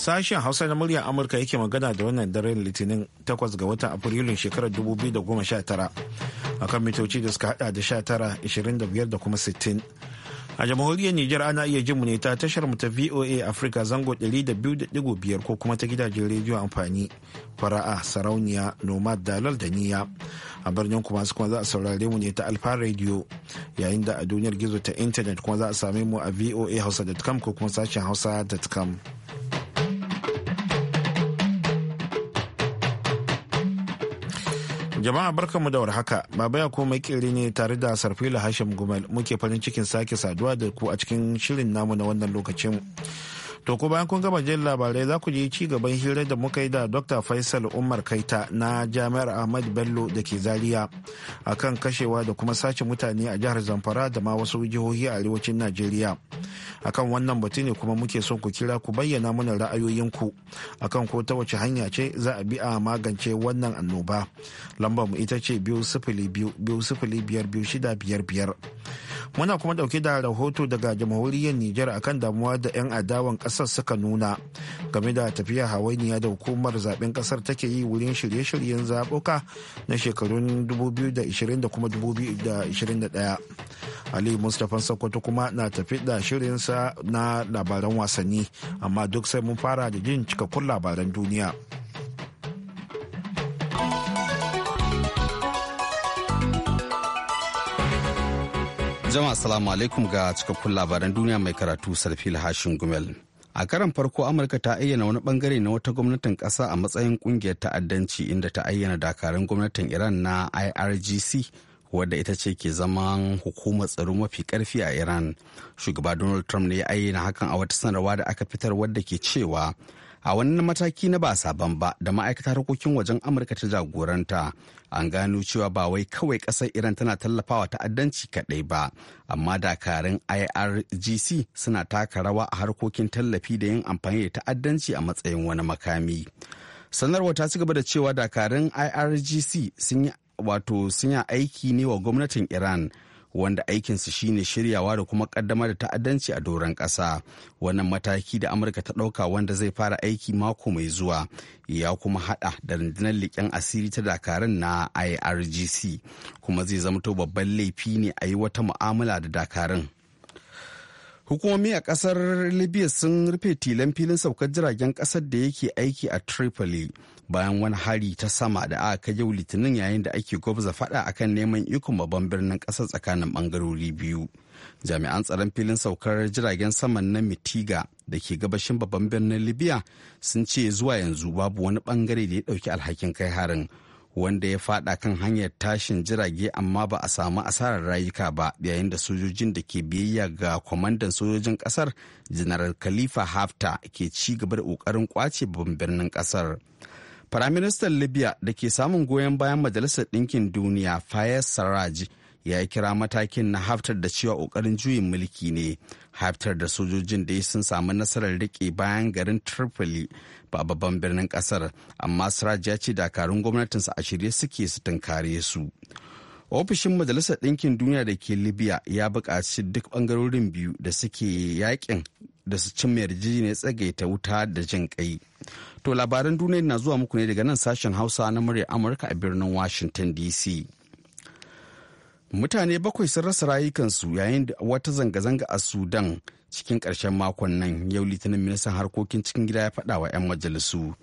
Sashen Hausa na muryar Amurka yake magana da wannan daren Litinin 8 ga watan Afrilun shekarar 2019 akan mitoci da suka hada da 19,25 da kuma 60. A jamhuriyar Nijar ana iya jin mu ne ta tashar mu ta VOA Africa zango 200.5 ko kuma ta gidajen rediyo amfani fara'a sarauniya nomad dalal da niya a birnin kuma su kuma za a saurare mu ne ta alfa radio yayin da a duniyar gizo ta intanet kuma za a same mu a voa hausa.com ko kuma sashen hausa.com. Jama'a barkanmu da warhaka, Baba ya kuma kiri ne tare da Sarfila Hashim Gumal muke farin cikin sake saduwa da ku a cikin shirin namu na wannan lokacin. To ko bayan kun gama jin labarai za ku je ci gaban hirar da muka yi da Dr. Faisal Umar Kaita na Jami'ar Ahmad Bello da ke Zaria akan kashewa da kuma sace mutane a jihar Zamfara da ma wasu jihohi a arewacin Najeriya. Akan wannan batu ne kuma muke son ku kira ku bayyana mana ra'ayoyinku akan ko ta wace hanya ce za a bi a magance wannan annoba. Lambar mu ita ce biyu sifili biyu biyu sifili biyar biyu shida biyar biyar. muna kuma dauke da rahoto daga jamhuriyar Nijar akan damuwa da 'yan adawan kasar suka nuna game da tafiya hawainiya da hukumar zaben kasar take yi wurin shirye-shiryen zaɓuka na shekarun 2020 da kuma 2021 ali mustapha sokoto kuma na tafi da shirinsa na labaran wasanni amma duk sai mun fara da jin cikakkun labaran duniya Jama'a salamu alaikum ga cikakkun labaran duniya mai karatu Sarfil Hashin Gumel. A karan farko Amurka ta ayyana wani bangare na wata gwamnatin kasa a matsayin kungiyar ta'addanci inda ta ayyana dakarun gwamnatin Iran na IRGC wadda ita ce ke zaman hukumar tsaro mafi karfi a Iran. Shugaba Donald Trump ne ya ayyana hakan a wata sanarwa da aka fitar wadda ke cewa a wannan mataki na ba sabon ba da ma'aikatar harkokin wajen amurka ta jagoranta an gano cewa ba wai kawai ƙasar iran tana tallafawa ta'addanci kaɗai ba amma dakarun irgc suna taka rawa a harkokin tallafi da yin amfani da ta'addanci a matsayin wani makami sanarwa ta ci gaba da cewa dakarun irgc wato sun yi aiki ne wa gwamnatin iran wanda aikinsu shine shiryawa da kuma kaddamar da ta'addanci a doron ƙasa wannan mataki da amurka ta ɗauka wanda zai fara aiki mako mai zuwa ya kuma hada da rundunar liƙen asiri ta dakarun na irgc kuma zai zamto babban laifi ne a yi wata mu'amala da dakarun hukumomi a kasar libya sun rufe tilan filin saukar jiragen kasar da yake aiki a tripoli bayan wani hari ta sama da aka kai yau litinin yayin da ake gwabza fada akan neman ikon babban birnin kasar tsakanin bangarori biyu jami'an tsaron filin saukar jiragen saman na mitiga da ke gabashin babban birnin libya sun ce zuwa yanzu babu wani bangare da ya dauki alhakin kai harin wanda ya fada kan hanyar tashin jirage amma ba a samu asarar rayuka ba yayin da sojojin da ke biyayya ga kwamandan sojojin kasar janar khalifa hafta ke ci gaba da kokarin kwace babban birnin kasar Firaministan Libya da ke samun goyon bayan Majalisar Ɗinkin Duniya Fayez Sarraj ya yi kira matakin na haftar da cewa ƙoƙarin juyin mulki ne. Haftar da sojojin da sun samu nasarar riƙe bayan garin Tripoli ba babban birnin ƙasar, amma Sarraj ya ce dakarun gwamnatinsa a shirye suke su tunkare su. ofishin majalisar ɗinkin duniya da ke libya ya buƙaci duk ɓangarorin biyu da suke yakin da su cimma yarjejeniyar tsagaita wuta da jin kai. To labaran duniya na zuwa muku ne daga nan sashen Hausa na murya Amurka a birnin Washington DC. Mutane bakwai sun rasa rayukansu yayin da wata zanga-zanga a Sudan cikin ƙarshen makon nan yau litinin ministan harkokin cikin gida ya faɗa wa 'yan majalisu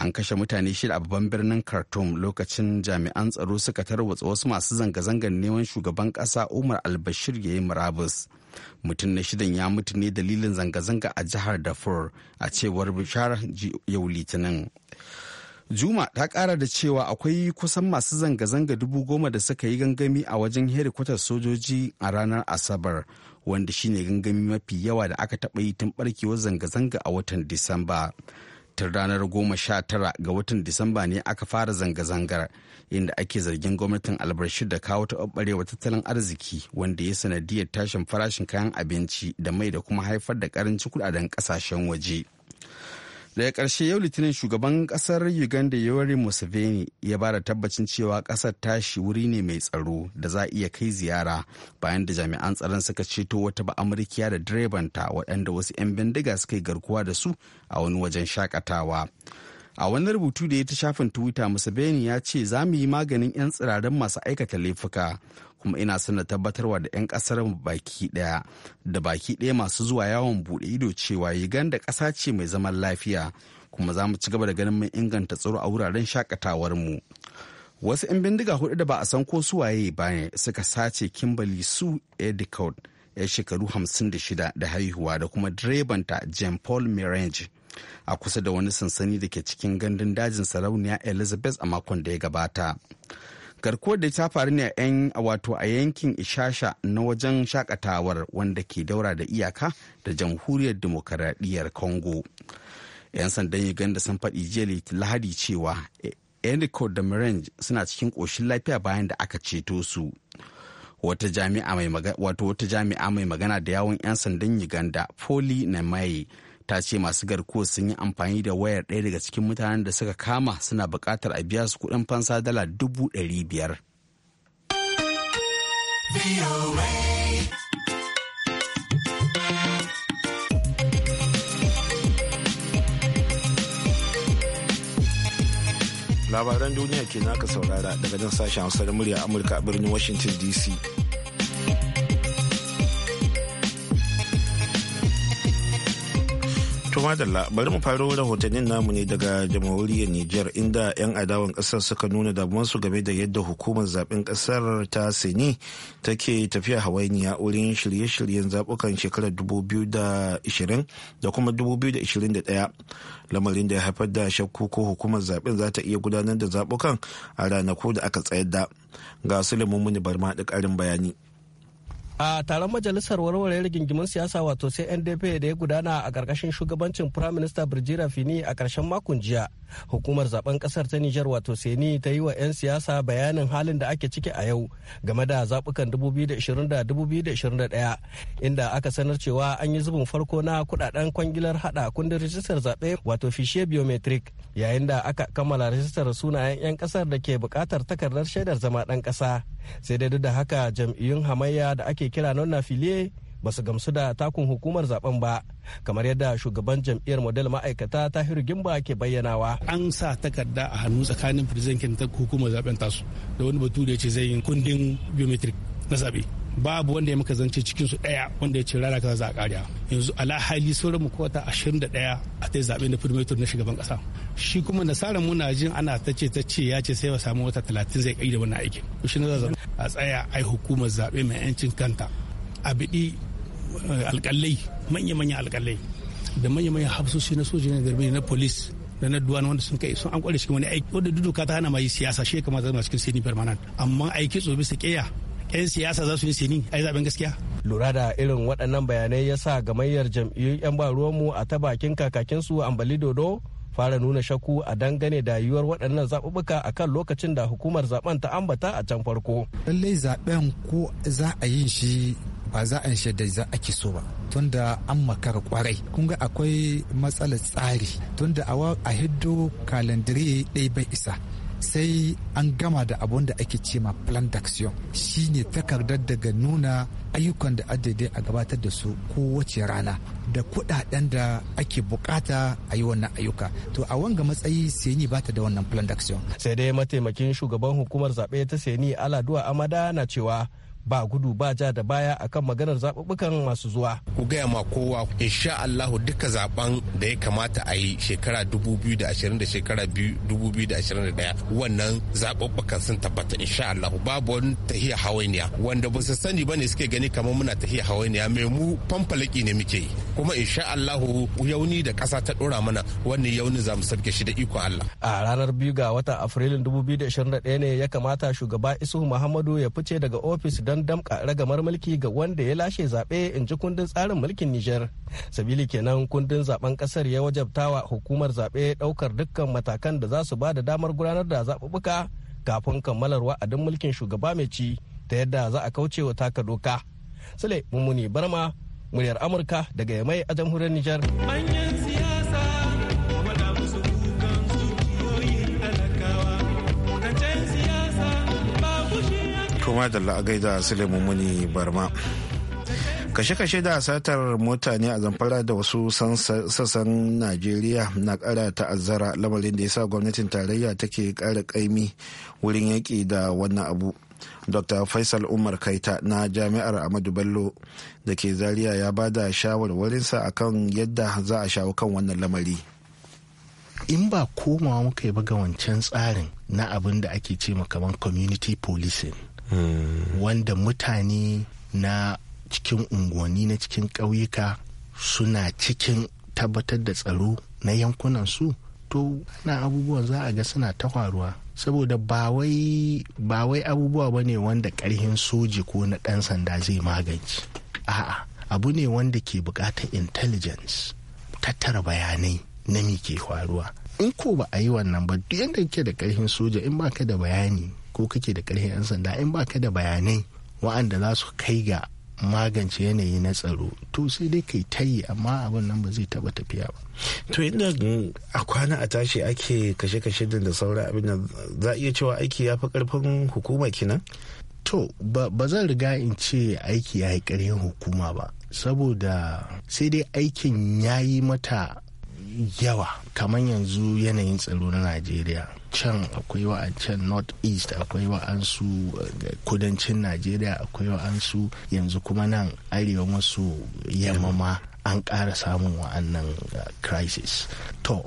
an kashe mutane shida a babban birnin khartoum lokacin jami'an tsaro suka tarwatsa wasu masu zanga-zangar neman shugaban ƙasa umar albashir ya yi murabus mutum na shidan ya mutu ne dalilin zanga-zanga a jihar darfur a cewar bishar yau litinin juma ta kara da cewa akwai kusan masu zanga-zanga dubu goma da suka yi gangami a wajen herikwatar sojoji a ranar asabar wanda shine gangami mafi yawa da aka taɓa yi tun barkewar zanga-zanga a watan disamba tun ranar goma sha tara ga watan disamba ne aka fara zanga-zangar inda ake zargin gwamnatin albarshi da kawo taɓarɓarewa tattalin arziki wanda ya sanadiyar tashin farashin kayan abinci da mai da kuma haifar da ƙarancin kudaden ƙasashen waje daga ƙarshe yau litinin shugaban ƙasar uganda yoweri museveni ya ba da tabbacin cewa ƙasar tashi wuri ne mai tsaro da za a iya kai ziyara bayan da jami'an tsaron suka ceto wata amurkiya da direbanta waɗanda wasu 'yan bindiga suka yi garkuwa da su a wani wajen shakatawa a wani rubutu da ya ta shafin twitter museveni ya ce za mu yi maganin 'yan tsiraren masu aikata laifuka kuma ina son na tabbatarwa da 'yan kasar baki daya da baki daya masu zuwa yawon bude ido cewa uganda ƙasa ce mai zaman lafiya kuma za mu ci gaba da ganin mun inganta tsaro a wuraren shakatawar mu wasu 'yan bindiga hudu da ba a san ko su waye ne suka sace kimberly su edicott ya shekaru 56 da haihuwa da kuma direbanta jean paul merange a kusa da wani sansani da ke cikin gandun dajin sarauniya elizabeth a makon da ya gabata garkuwar da ta faru ne a yan wato a yankin ishasha na wajen shakatawar wanda ke daura da iyaka da jamhuriyar demokaradiyyar congo 'yan sandan uganda sun faɗi jiya lahadi cewa e-, enrico da marange suna cikin ƙoshin lafiya bayan da aka ceto su wata jami'a mai magana da yawon 'yan sandan uganda poli na mai ta ce masu garkuwa sun yi amfani da wayar ɗaya daga cikin mutanen da suka kama suna buƙatar a biya su kuɗin fansa dala dubu ɗari biyar. labaran duniya ke naka saurara daga nan sashen hausa da murya amurka a birnin washington dc Tuma madalla bari mu faro rahotannin namu ne daga jamhuriyar Nijar inda 'yan adawan kasar suka nuna damuwarsu game da yadda hukumar zaben kasar ta Sini take tafiya hawainiya wurin shirye-shiryen zabukan shekarar 2020 da kuma 2021 lamarin da ya haifar da shakku ko hukumar zaben za ta iya gudanar da zabukan a ranaku da aka tsayar da ga Suleiman Muni Barma da karin bayani. a taron majalisar warware rigingimin siyasa wato sai ndp da ya gudana a ƙarƙashin shugabancin minister birjira fini a ƙarshen makon jiya hukumar zaben ƙasar ta nijar wato seni ta yi wa 'yan siyasa bayanin halin da ake ciki a yau game da zaɓukan 2020 2021 inda aka sanar cewa an yi zubin farko na kuɗaɗen kwangilar haɗa kundin rijistar zaɓe wato fishe biometric yayin da aka kammala rijistar sunayen 'yan ƙasar da ke buƙatar takardar shaidar zama ɗan ƙasa sai dai duk da haka jam'iyyun hamayya da ake kira non filiye ba su gamsu da takun hukumar zaben ba kamar yadda shugaban jam'iyyar model ma'aikata tahiru gimba ke bayyanawa an sa takarda a hannu tsakanin firzinkin ta hukumar zaben tasu da wani batu da ya ce zai yi kundin biometric na zabe babu wanda ya maka zance cikin su daya wanda ya ce rana kaza za a kariya yanzu ala hali sauran mu kota 21 a ta zabe na firmetor na shugaban kasa shi kuma nasarar muna jin ana ta ce ta ce ya ce sai ba samu wata 30 zai kai da wannan aikin shi na zaza a tsaya a yi hukumar zaɓe mai 'yancin kanta a biɗi eh, alƙalai manya-manya alƙalai da manya-manya hafsoshi na soji na garbi na polis da na duwan wanda sun kai sun an kware cikin wani aiki wanda duduka ta hana mai siyasa shi kamata zama cikin sini permanent amma aiki tso bisa keya yan siyasa za su yi sini ai zaben gaskiya lura da irin waɗannan bayanai yasa gamayyar jam'iyyun yan ba ruwanmu a ta bakin kakakinsu ambali dodo fara nuna shaku a dangane da yiwuwar waɗannan zaɓuɓɓuka a kan lokacin da hukumar zaɓen ta ambata a can farko. Lallai zaɓen ko za a yin shi ba za a yi da za a so ba tunda an makara kwarai kun ga akwai matsalar tsari tunda a hiddo kalandiri ɗaya bai isa sai an gama da abun da ake cema plan d'action shine takardar daga nuna ayyukan da adadai a gabatar da su kowace rana da kuɗaɗen da ake bukata a yi wannan ayyuka to a wanga matsayi seni bata da wannan plan d'action sai dai mataimakin shugaban hukumar zaɓe ta seni aladuwa amada na cewa ba gudu ba ja da baya akan maganar zaɓuɓɓukan masu zuwa. Ku gaya ma kowa insha Allahu duka zaɓen da ya kamata a yi shekara 2020 da shekara 2021 wannan zaɓuɓɓukan sun tabbata insha Allahu babu wani tahiya hawainiya wanda ba su sani ba ne suke gani kamar muna tahiya hawainiya mai mu fanfalaki ne muke yi kuma insha Allahu yauni da ƙasa ta ɗora mana wannan yauni za mu sarke shi da ikon Allah. A ranar biyu ga watan Afrilun 2021 ne ya kamata shugaba Isuhu Muhammadu ya fice daga ofis don don damka ragamar mulki ga wanda ya lashe zaɓe in ji kundin tsarin mulkin Nijar. Sabili kenan kundin zaben ƙasar ya wajabtawa hukumar zaɓe ɗaukar dukkan matakan da za su ba da damar gudanar da zaɓuɓɓuka kafin kammalar wa'adin mulkin shugaba mai ci ta yadda za a kauce wa taka doka. Sule Mummuni Barma, muryar Amurka daga Yamai a jamhuriyar Nijar. kuma da la'agaida Suleiman Muni Barma. kashe-kashe da satar mutane a zamfara da wasu sassan najeriya na kara ta'azzara lamarin da ya sa gwamnatin tarayya take kara kaimi wurin yaƙi da wannan abu dr faisal umar kaita na jami'ar amadu bello da ke zaria ya ba da shawarwarinsa a kan yadda za a shawo kan wannan lamari in ba komawa muka yi ba wancan tsarin na abin da ake ce kamar community policing wanda mutane na cikin unguwanni na cikin ƙauyuka suna cikin tabbatar da tsaro na yankunan su to na abubuwan za a ga suna ta faruwa saboda ba wai abubuwa ba ne wanda ƙarhin soji ko na ɗan sanda zai magance a'a abu ne wanda ke buƙatar intelligence tattara bayanai na me ke faruwa in ko ba a yi wannan ba duk yadda ke da ƙarfin soja in ba ka da bayani ko kake da ƙarfin 'yan sanda in ba ka da bayanai wa'anda za su kai ga magance yanayi na tsaro to sai dai kai ta yi amma abin nan ba zai taba tafiya ba to inda a kwana a tashi ake kashe-kashe da saura abin da za a iya cewa aiki ya fi karfin hukuma kenan to ba zan riga in ce aiki ya yi karfin hukuma ba saboda sai dai aikin ya yi mata yawa kamar yanzu yanayin tsaro na najeriya can akwai wa'ancan north east akwai wa'ansu eh, kudancin najeriya akwai wa'ansu yanzu kuma nan arewa masu yamma an ƙara samun wa'annan eh, crisis to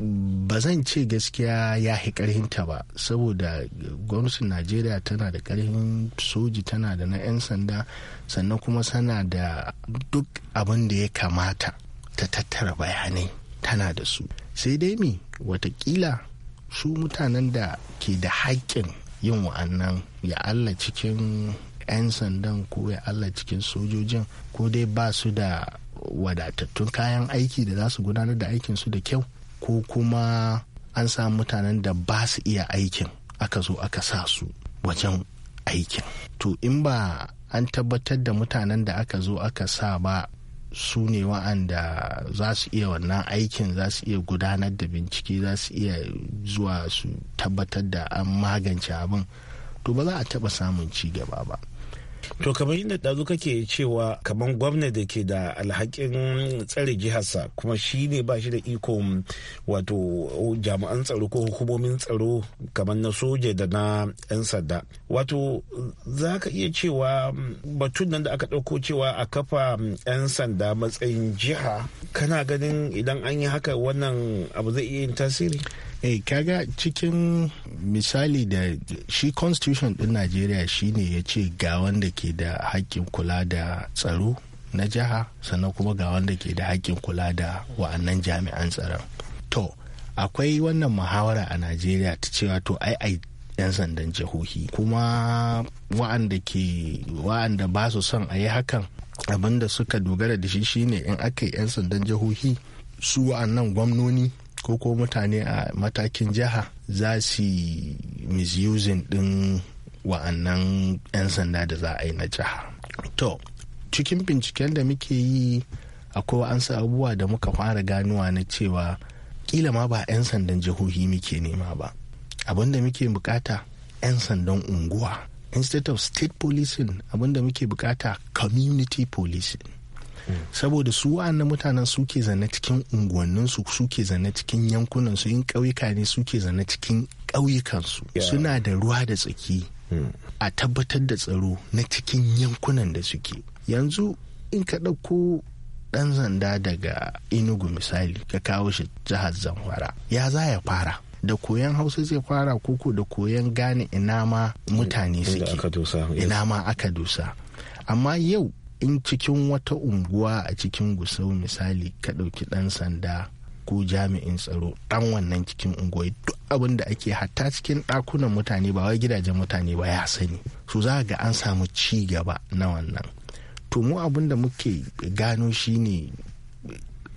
ba zan ce gaskiya ya fi ta ba saboda gwamnatin najeriya tana da karhin soji tana da na 'yan sanda sannan kuma sana da duk abin da ya kamata ta tattara bayanai tana da su sai dai mi watakila su mutanen da ke da haƙƙin yin wa'annan ya Allah cikin 'yan sandan ko ya Allah cikin sojojin ko dai ba su da wadatattun kayan aiki da za su gudanar da aikin su da kyau ko kuma an samu mutanen da ba su iya aikin aka zo aka sa su wajen aikin to in ba an tabbatar da mutanen da aka zo aka sa ba su ne wa'anda za su iya wannan aikin za su iya gudanar da bincike za su iya zuwa su tabbatar da an magance abin to ba za a taɓa samun ci gaba ba to kamar yadda ɗazu kake cewa kamar gwamna da ke da alhakin tsare jiharsa kuma shi ne ba shi da iko wato jami'an tsaro ko hukumomin tsaro kamar na soja da na 'yan sanda wato za ka iya cewa batun nan da aka ɗauko cewa a kafa 'yan sanda matsayin jiha kana ganin idan an yi haka wannan abu zai iya yin tasiri eh kaga cikin misali da shi constitution din najeriya shine ya ce ga wanda ke da haƙƙin kula da tsaro na jiha sannan kuma ga wanda ke da haƙƙin kula da wa'annan jami'an tsaron to akwai wannan muhawara a najeriya ta cewa to ai ai 'yan sandan jihohi kuma wa'anda ke wa'anda ba su son a yi hakan abinda suka dogara da shi shine in aka yi 'yan sandan jihohi su wa'annan gwamnoni ko ko mutane a matakin jiha za su misusing din wa'annan 'yan sanda da za a yi na jiha to cikin binciken da muke yi akwai sa abubuwa da muka fara ganuwa na cewa kila ma ba 'yan sandan jihohi muke nema ba abinda muke bukata 'yan sandan unguwa instead of state policing abinda muke bukata community policing saboda su wa'annan mutanen suke zanne cikin unguwanninsu suke zanne cikin yankunansu in ƙauyuka ne suke zanne cikin ƙauyukansu suna da ruwa da tsaki hmm. a tabbatar da tsaro na cikin yankunan da suke yanzu in ka ɗauko ɗan zanda daga inugu misali ka kawo shi jihar zamfara ya za ya fara da koyan hausa zai fara koko da koyan gane ina ma mutane suke ina ma aka dusa. amma yau in cikin wata unguwa a cikin gusau misali ka ɗauki ɗan sanda ko jami'in tsaro ɗan wannan cikin unguwai duk abin da ake hatta cikin ɗakunan mutane ba wai gidajen mutane ba ya sani su za ga an samu ci gaba na wannan to mu abin da muke gano shine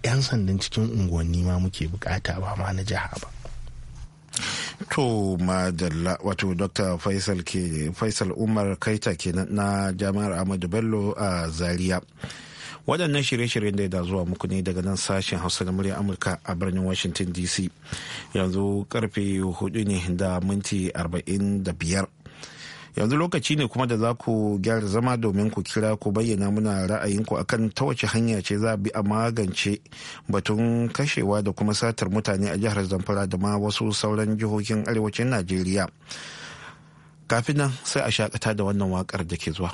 'yan sandan cikin unguwanni ma muke bukata ba ma na jiha ba to madalla wato dr faisal ke faisal umar kaita kenan na jami'ar ahmadu bello a zaria waɗannan shirye-shiryen da ya zuwa muku ne daga nan sashen hausa na murya amurka a birnin washington dc yanzu karfe hudu ne da minti arba'in da biyar. yanzu lokaci ne kuma da za ku gyara zama domin ku kira ku bayyana muna ra'ayinku akan ta wace hanya ce za a bi a magance batun kashewa da kuma satar mutane a jihar zamfara da ma wasu sauran jihohin arewacin najeriya kafin nan sai a shakata da wannan wakar da ke zuwa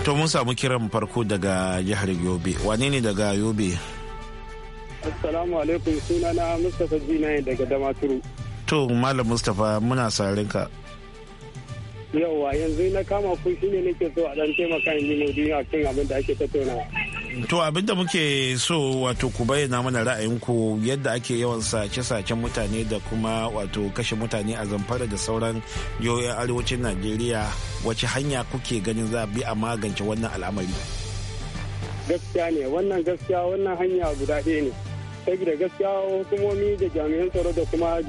to mun samu kiran farko daga jihar yobe wane ne daga yobe assalamu alaikum sunana mustapha jinaye daga damaturu to malam mustapha muna sarin ka yauwa yanzu na kama ku ne nake so a dan taimaka in yi a kan abin da ake tattaunawa to abinda muke so wato ku bayyana mana ra'ayinku yadda ake yawan sace-sacen mutane da kuma wato kashe mutane a zamfara da sauran yoyin arewacin najeriya wace hanya kuke ganin za bi a magance wannan al'amari gaskiya ne wannan gaskiya wannan hanya guda ɗaya ne saboda gaskiya hukumomi da jami'an tsaro da kuma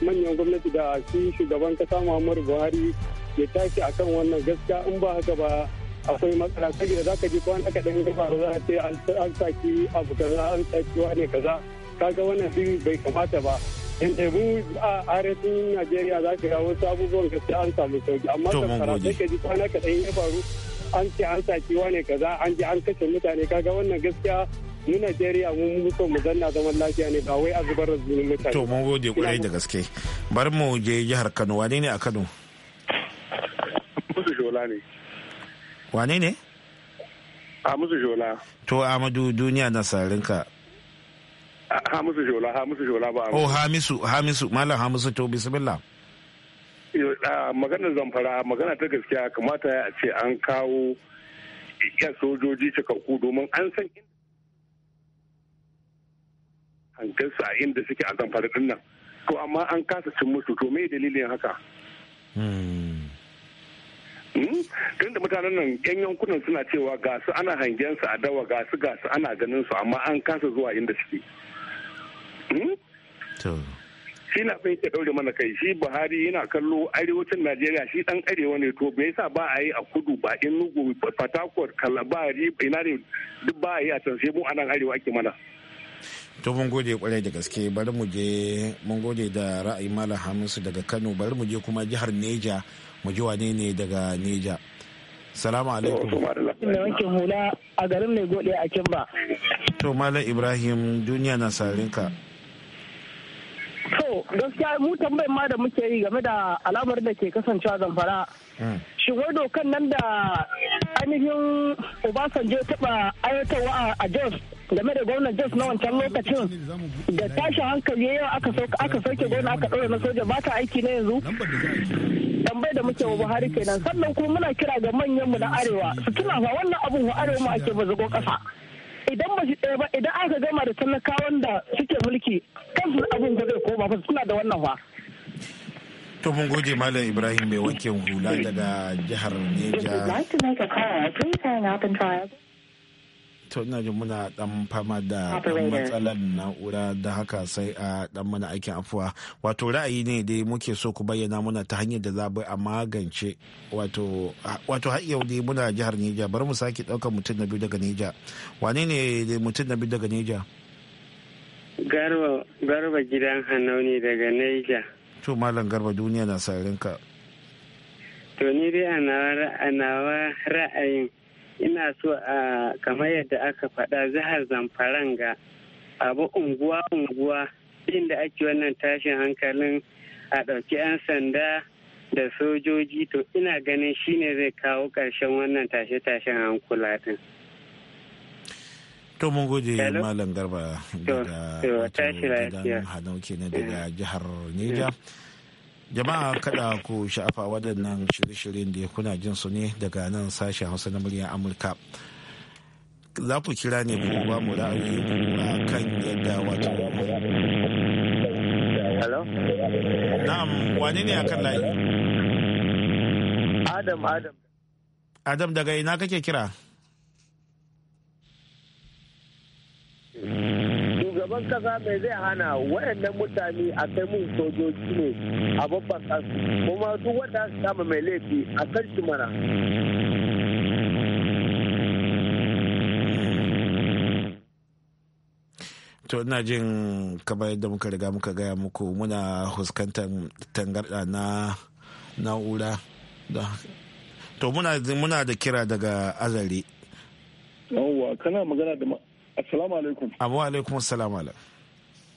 manyan gwamnati da shi shugaban kasa muhammadu buhari ya tashi akan wannan gaskiya in ba haka ba akwai matsala saboda za ka ji aka ɗan ya faru za a ce an saki abu kaza an saki wani kaza kaga wannan biyu bai kamata ba in ɗabu a arewacin najeriya za ka ga wasu abubuwan gaske an samu sauki amma fara sai ka ji kwana kaɗan ya faru an ce an saki wani kaza an ji an kashe mutane kaga wannan gaskiya mu Najeriya mun muso mu zanna zaman lafiya ne ba wai a zubar da zunin mutane. To mun gode kwarai da gaske. Bari mu je jihar Kano wani ne a Kano? Kudu Shola ne. wane ne Hamisu Jola. To Amadu duniya na sarinka. Ah, Hamisu Jola, Hamisu Jola ba. Oh Hamisu, Hamisu, Malam Hamisu to bismillah. Ah, maganar zamfara, magana ta gaskiya kamata a ce an kawo iya sojoji cikakku domin an san hankalsu a inda suke a zamfara din nan. To amma an kasa cin musu to me dalilin haka? Hmm. Hmm? tun da mutanen nan yan yankunan suna cewa ga su ana hangen su a dawa ga su ga su ana ganin su amma an kasa zuwa inda suke hmm? shi na fa ke daure mana kai shi buhari yana kallo arewacin najeriya shi dan arewa ne to me yasa ba a yi a kudu ba inugu fatakwar kalabari ina ne duk ba a yi a can sai mu anan arewa ake mana to mun gode kwarai da gaske bari mu je mun gode da ra'ayi malam hamisu daga kano bari mu je kuma jihar neja mu ji wane ne daga neja salamu alaikum wankin hula a garin mai gode a kimba to malam ibrahim duniya na sarin ka. to gaskiya mu tambayin ma da muke yi game da alamar da ke kasancewa zamfara hmm. shin wai dokan nan da ainihin obasanjo taɓa ayatawa a jos game da gwamnan jos na wancan lokacin da tashin hankali yau aka sauke gwamna aka ɗaure na soja ba ta aiki na yanzu tambayi da muke wa buhari kenan sannan kuma muna kira ga manyan mu na arewa su tuna fa wannan abun wa arewa mu ake bazago ƙasa idan ba shi ɗaya ba idan aka gama da talakawan da suke mulki kansu abun ba zai koma fa suna da wannan fa To mun goje Malam Ibrahim mai wanke hula daga jihar Neja. to ina jin muna dan fama da matsalar na'ura da haka sai a dan mana aikin afuwa wato ra'ayi ne dai muke so ku bayyana muna ta hanyar da za a magance wato wato har yau dai muna jihar Neja bar mu sake daukar mutum na biyu daga Neja wane ne mutum na biyu daga Neja Garba Garba gidan Hanau ne daga Neja to malam Garba duniya na sarinka to ni dai a nawa ra'ayin ina so a kamar yadda aka faɗa zahar zamfaran ga abu unguwa unguwa inda ake wannan tashin hankalin a ɗauki 'yan sanda da sojoji to ina ganin shine zai kawo ƙarshen wannan tashe-tashen hankula din. To mun gode Malam Garba daga Hadau kenan eh. daga jihar Neja. jama'a kada ku sha'afa waɗannan shirye-shiryen da kuna jin su ne daga nan sashen hausa na muryar amurka za ku kira ne ku ba mu ra'ayi a kan yadda wato na'am wani ne kan layi adam adam adam daga ina kake kira shugaban kasa mai zai hana waɗannan mutane a kai mun sojoji ne a babban kasu kuma duk wanda su kama mai laifi a kan shi mana to ina jin kamar yadda muka riga muka gaya muku muna huskantar tangarda na na'ura to muna da kira daga azare yawwa kana magana da Assalamu alaikum. Abu ah, alaikum assalamu alaikum.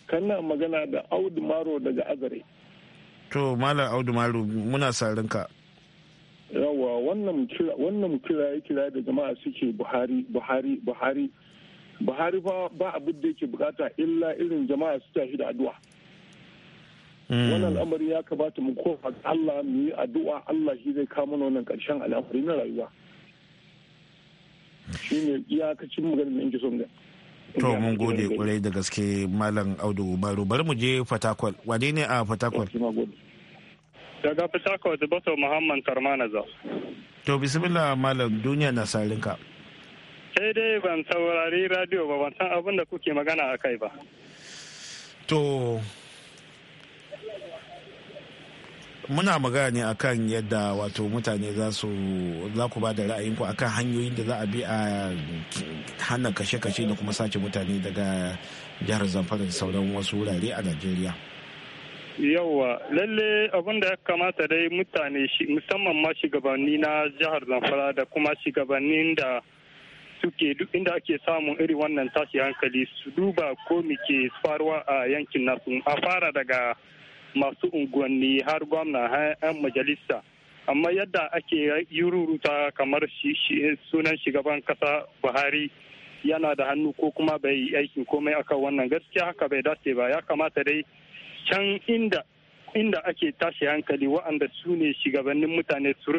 Kana magana da Audu Maro daga Azare. To Malam Audu Maro muna sarin ka. Yawa wannan kira wannan kira ya kira da jama'a suke Buhari Buhari Buhari Buhari ba ba abin da yake bukata illa irin jama'a su tashi da addu'a. Hmm. Wannan al'amari ya kamata mu kofa Allah mu yi addu'a Allah shi zai kawo mana wannan karshen al'amari na rayuwa. Shi ne iyakacin maganin da nake son gani. to mun gode kwarai da gaske malam audu baro bari mu je fatakwal wane ne a fatakwal daga fatakwal bato muhammad karmanaza to bismillah malam duniya na sarinka sai dai ban saurari radio ba ban san abin da kuke magana a kai ba to muna magana ne akan yadda wato mutane za su za ku ba da ra'ayinku akan hanyoyin da za a bi a hana kashe-kashe da kuma sace mutane daga jihar zamfara da sauran wasu wurare a najeriya yauwa lalle abinda ya kamata dai mutane musamman ma shugabanni na jihar zamfara da kuma shugabannin da suke duk inda ake samun irin wannan tashi hankali su duba ko muke faruwa a yankin nasu a fara daga masu unguwanni har gwamna har 'yan majalisa amma yadda ake yururuta kamar sunan shugaban kasa buhari yana da hannu ko kuma bai yi aikin komai akan wannan gaskiya haka bai dace ba ya kamata dai can inda inda ake tashi hankali wa'anda su ne shugabannin mutane su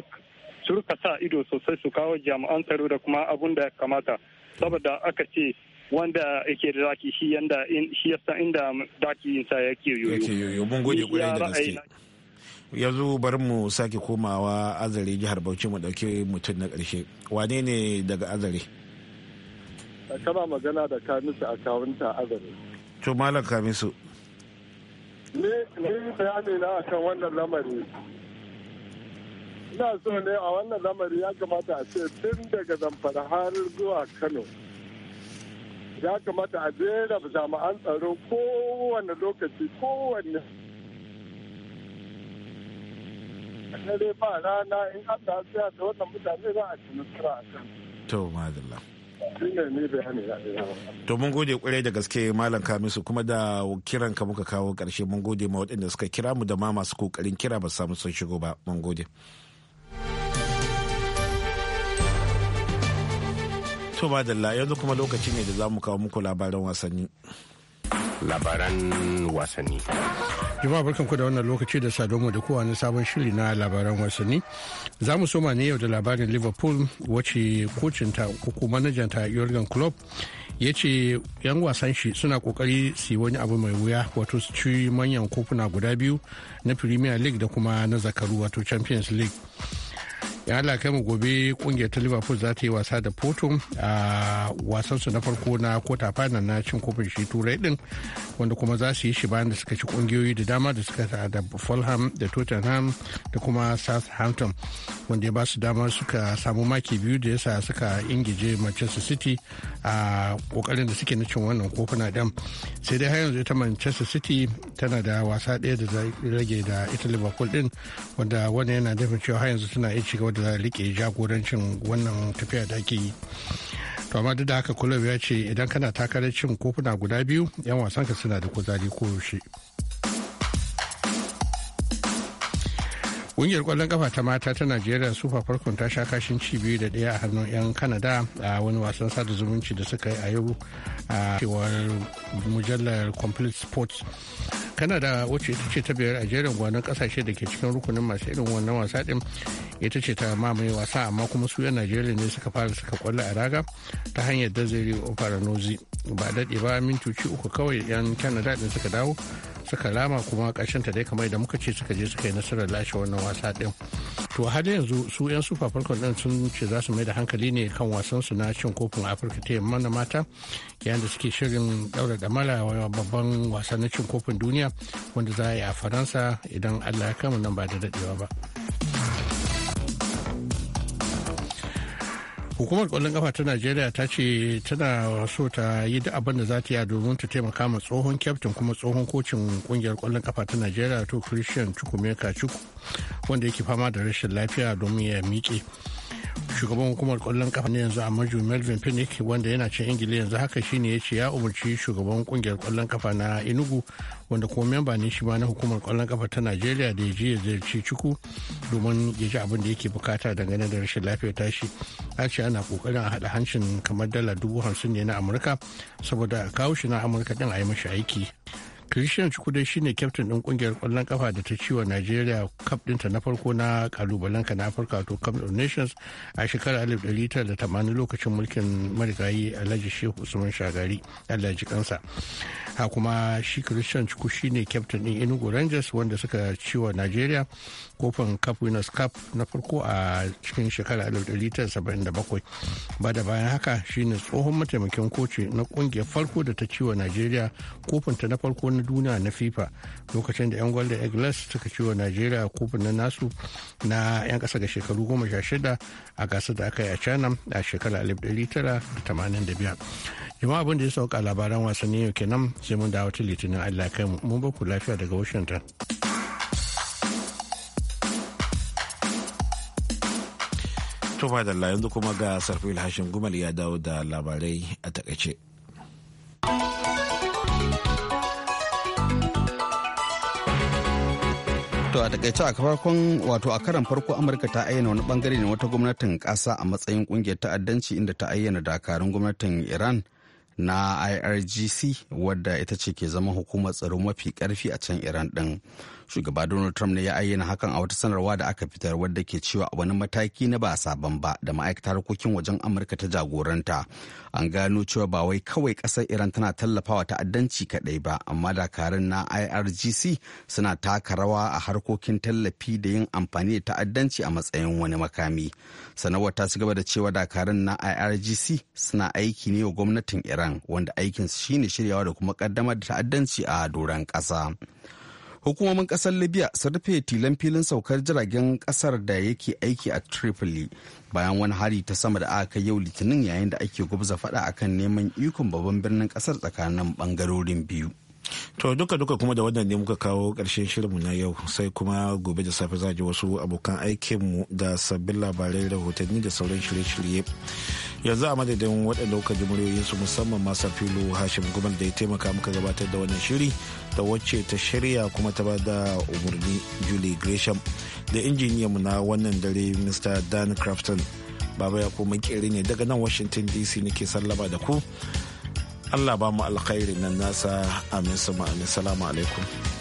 rika sa ido sosai su kawo jami'an tsaro da kuma abun da ya kamata saboda aka ce wanda yake da daki shi yanda shi yasa inda daki sa yake yoyo yake yoyo mun gode kwarai da gaske yanzu bari mu sake komawa azare jihar Bauchi mu dauke mutum na karshe wane ne daga azare kana magana da kamisu a kawunta azare to malam kamisu ne ne bayani na akan wannan lamari ina so ne a wannan lamari ya kamata a ce tun daga zamfara har zuwa kano ya kamata a jera jami'an tsaro kowane lokaci kowane dare ba rana in an da da wannan mutane za a ci nasara a kan. To madalla. To mun gode kwarai da gaske Malam Kamisu kuma da kiran ka muka kawo karshe mun gode ma waɗanda suka kira mu da ma masu kokarin kira ba samu sun shigo ba mun gode. To madalla yanzu kuma lokaci ne da za mu kawo muku labaran wasanni. Labaran wasanni. Jama'a barkanku da wannan lokaci da mu da kowa na sabon shiri na labaran wasanni. Za mu soma ne yau da labarin Liverpool wacce kocinta ko kuma manajanta Jurgen Klopp ya ce 'yan wasan shi suna kokari su wani abu mai wuya wato su ci manyan kofuna guda biyu na Premier League da kuma na zakaru wato Champions League. ya Allah kai mu gobe kungiyar ta liverpool za ta yi wasa da porto a su na farko na kota final na cin kofin shi turai din wanda kuma za su yi shi bayan da suka ci kungiyoyi da dama da suka da fulham da tottenham da kuma southampton wanda ya ba su damar suka samu maki biyu da yasa suka ingije manchester city a kokarin da suke na cin wannan kofuna ɗin sai dai har yanzu ita manchester city tana da wasa ɗaya da rage da ita liverpool ɗin wanda wannan yana nufin cewa har yanzu suna iya cigaba da rike jagorancin wannan tafiya da ake yi to amma duk da haka kulob ya ce idan kana takarar cin kofuna guda biyu yan wasanka suna da kuzari ko yaushe. kungiyar kwallon kafa ta mata ta Najeriya sufa farkon ta sha kashin ci biyu da daya a hannun 'yan kanada a wani wasan sada zumunci da suka yi a yau a cewar mujallar Complete Sports. kanada wacce ita ce ta biyar a jerin gwanon kasashe da ke cikin rukunin masu irin wannan wasa ɗin ita ce ta mamaye wasa amma kuma su 'yan Najeriya ne suka fara suka kwallo a raga ta hanyar Dazere faranozi Ba daɗe ba mintoci uku kawai 'yan kanada din suka dawo suka rama kuma ta dai kamar da muka ce suka je suka yi nasarar lashe wannan wasa ɗin to har yanzu su 'yan super falcon ɗin sun ce za su mai da hankali ne kan wasan su na cin kofin afirka ta yamma na mata yayin da suke shirin ɗaura damala babban wasa na cin kofin duniya wanda za a yi a faransa idan allah ya kama nan ba da daɗewa ba. hukumar kwallon kafa ta najeriya ta ce tana so ta yi da abin da za ta yi domin ta taimaka ma tsohon kyaftin kuma tsohon kocin kungiyar kwallon kafa ta najeriya to christian chukwumeka chukwu wanda yake fama da rashin lafiya domin ya miƙe shugaban hukumar kwallon kafa ne yanzu a maju melvin pinnick wanda yana cin ingila yanzu haka shine ya ce ya umarci shugaban kungiyar kwallon kafa na enugu wanda kuma memba ne shi ma na hukumar kwallon kafa ta nigeria da ya je ya ziyarci ciku domin ya ji abin da yake bukata dangane da rashin lafiyar tashi a ce ana kokarin a haɗa hancin kamar dala dubu hamsin ne na amurka saboda a kawo shi na amurka din a yi mashi aiki Christian Chukwude shine kyaftin ɗin kungiyar kwallon kafa da ta ciwa nigeria cup ɗinta na farko na kalubalen ka na Afirka to Cup of Nations a shekarar 1980 lokacin mulkin marigayi Alhaji Shehu Usman Shagari Allah ji kansa. Ha kuma shi Christian Chukwu shine kyaftin ɗin Enugu Rangers wanda suka ciwa nigeria kofin Cup Winners Cup na farko a cikin shekarar 1977. Ba da bayan haka shine tsohon mataimakin koci na kungiyar farko da ta ciwa Najeriya kofinta na farko na duniya na fifa lokacin da 'yan gwalda eagles suka wa najeriya kofin na nasu na 'yan kasa ga shekaru goma shida a gasar da aka yi a china a shekarar 1985 jama'a tara da ya sauka labaran wasanni yau kenan sai mun dawo ta litinin allah kai mun ba ku lafiya daga washington tufa da yanzu kuma ga sarfil hashim gumal ya dawo da labarai a takaice To a takaice a farkon wato a karan farko Amurka ta ayyana wani bangare ne wata gwamnatin ƙasa a matsayin kungiyar ta'addanci inda ta ayyana dakarun gwamnatin Iran na IRGC wadda ita ce ke zama hukumar tsaro mafi karfi a can Iran din. shugaba donald trump ne ya ayyana hakan a wata sanarwa da aka fitar wadda ke cewa wani mataki na ba sabon ba da ma'aikatar harkokin wajen amurka ta jagoranta an gano cewa ba wai kawai kasar iran tana tallafawa ta'addanci kadai ba amma dakarun na irgc suna taka rawa a harkokin tallafi da yin amfani da ta'addanci a matsayin wani makami sanarwar ta ci gaba da cewa dakarun na irgc suna aiki ne wa gwamnatin iran wanda aikinsu shine shiryawa da kuma kaddamar da ta'addanci a doron kasa. hukumomin kasar libya sun rufe tilan filin saukar jiragen kasar da yake aiki a tripoli bayan wani hari ta sama da aka kai yau litinin yayin da ake gubza fada akan neman ikon babban birnin kasar tsakanin bangarorin biyu to duka duka kuma da wannan ne muka kawo karshen shirinmu na yau sai kuma gobe da safe za ji wasu abokan aikinmu da sabbin labarai rahotanni da sauran shirye-shirye yanzu a madadin waɗanda kuka ji muryoyinsu musamman masa filo hashim gumal da ya taimaka muka gabatar da wannan shiri da wacce ta shirya kuma ta bada umarni julie gresham da mu na wannan dare mr dan crafton baba ya kuma kere ne daga nan washington dc nake sallama da ku allah ba mu alkhairi nan nasa amin sama amin salamu alaikum